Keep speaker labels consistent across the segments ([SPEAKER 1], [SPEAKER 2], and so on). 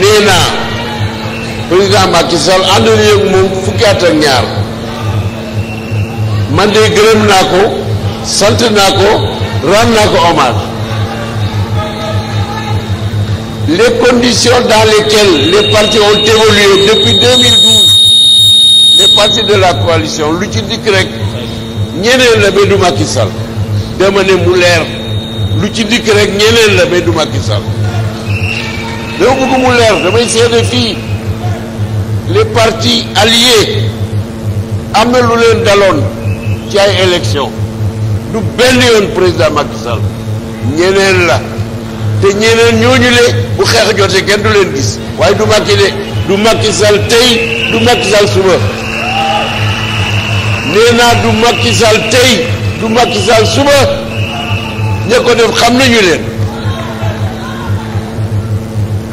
[SPEAKER 1] nee naa président Macky Sall àndoon yëg moom fukki at ak ñaar man de gërëm naa ko sant naa ko rend naa ko hommage les conditions dans lesquelles les partis ont évolué depuis 2012 les de la coalition lu ci dikk rek ñeneen la ba du Macky Sall ne mu leer lu ci dikk rek ñeneen la ba du Macky dama bëgg mu leer damay seede fii les partis alliés am na lu leen daloon ci ay élection du benn yoon président Macky Sall ñeneen la te ñeneen ñooñu le bu xeex jotee kenn du leen gis waaye du Macky de du Macky Sall tey du Macky Sall suba nee naa du Macky Sall tey du Macky Sall suba ña ko def xam nañu leen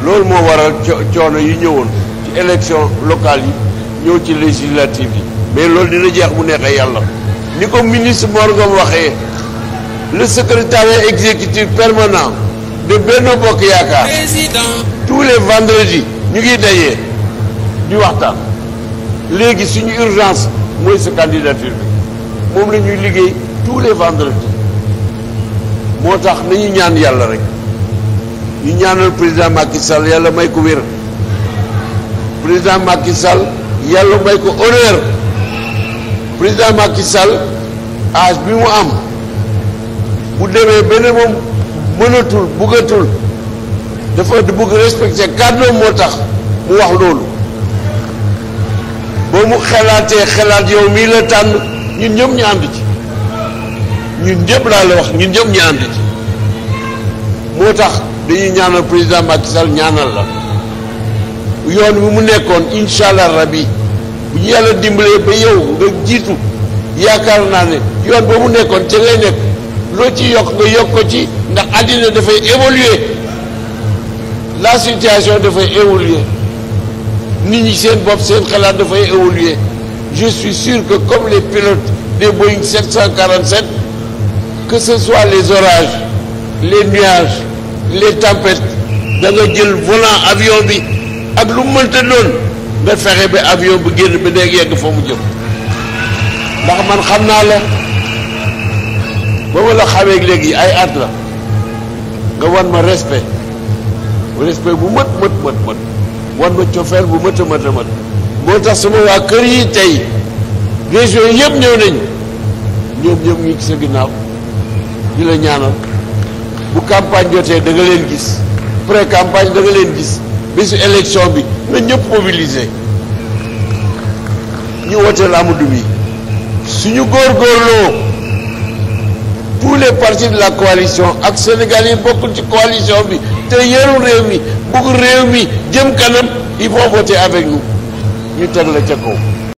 [SPEAKER 1] loolu moo waral coono yi ñëwoon ci élection locale yi ñëw ci législative yi mais loolu dina jeex bu neexee yàlla ni ko ministre Morgan waxee le secrétariat exécutif permanent de Benno Bokk Yaakaar tous les vendredis ñu ngi dajee di waxtaan léegi suñu urgence mooy sa candidature bi moom la ñuy liggéey tous les vendredis moo tax nañu ñaan yàlla rek ñu ñaanal président Macky Sall yàlla may ko wér président Macky Sall yàlla may ko honneur président Macky Sall âge bi mu am bu demee benn moom mënatul bëggatul dafa bëgg respecté kàddoom moo tax mu wax loolu ba mu xalaatee xalaat yow mii la tànn ñun ñëpp ñu ànd ci ñun ñëpp laa la wax ñun ñëpp ñu ànd ci moo tax dañuy ñaanal président Macky Sall ñaanal la yoon bi mu nekkoon incha allah rabi bu ñu yàlla dimbalee ba yow nga jiitu yaakaar naa ne yoon ba mu nekkoon ca ngay nekk loo ci yokk nga yokk ko ci ndax àddina dafay évoluer la situation dafay évoluer nit ñi seen bopp seen xalaat dafay évoluer je suis sûr que comme les pilotes des Boeing 747 que ce soit les orages les nuages les tempêtes da nga jël volant avion bi ak lu mu mënta doon nga fexe ba avion bu génn ba léegi yegg fa mu jëm ndax man xam naa la ba ma la xamee léegi ay at la nga wan ma respect respect bu mët mët mët mët wan ma cofeel bu mët a mët a mët moo tax sama waa kër yi tey région yëpp ñëw nañ ñoom ñëpp ñu ci sa ginnaaw di la ñaanal bu campagne jotee da leen gis pré campagne da leen gis bisu élection bi na ñëpp mobiliser ñu woteel Amadou bi suñu góorgóorloo tous les partis de la coalition ak Sénégal yi bokkul ci coalition bi te yëru réew mi bugg réew mi jëm kanam ils vont voter avec nous ñu teg la ca kaw